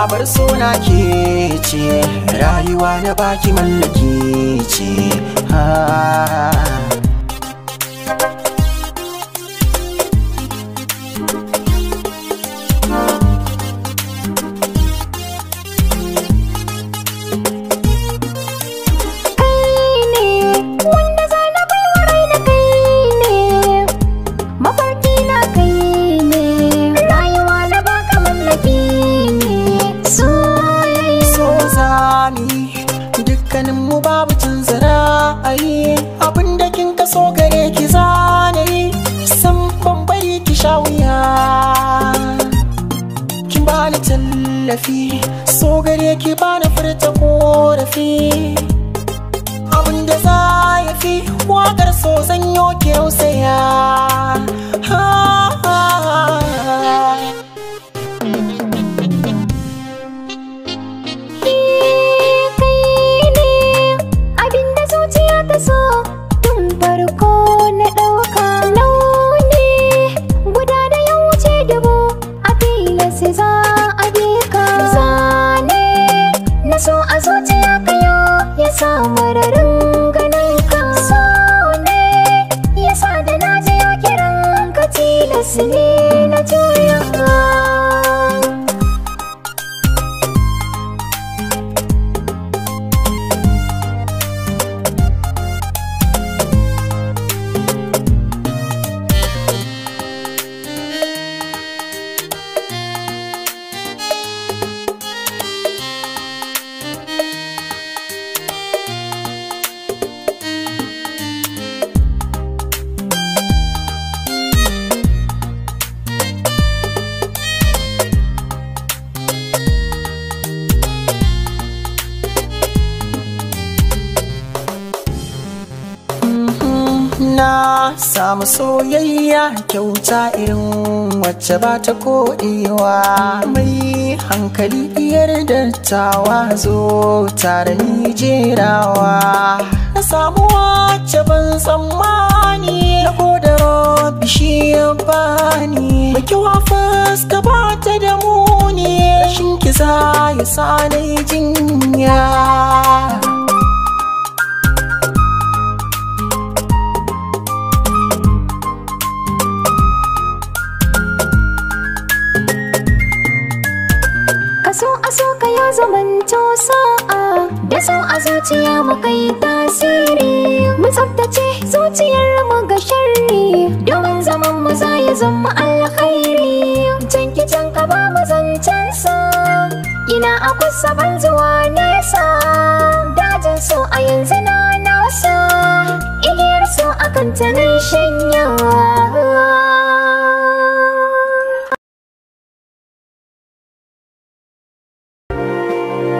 abar suna ke ce rayuwa na baki mallaki ce ha bani tallafi so gare ki bani furta korafi abinda za ya na samu soyayya kyauta irin wacce ba ta koɗewa mai hankali iyar dattawa zo tare ni jerawa na samu wacce ban tsammani na da rabbi shi ya bani baki ba ta da ne. rashin kisa ya sa jinya da sau a zuciya mu kai tasiri mu tsaftace zuciyar mu ga sharri domin zaman mu za ya zama alkhairi ki can ka ba mu zancen sa ina a kusa ban zuwa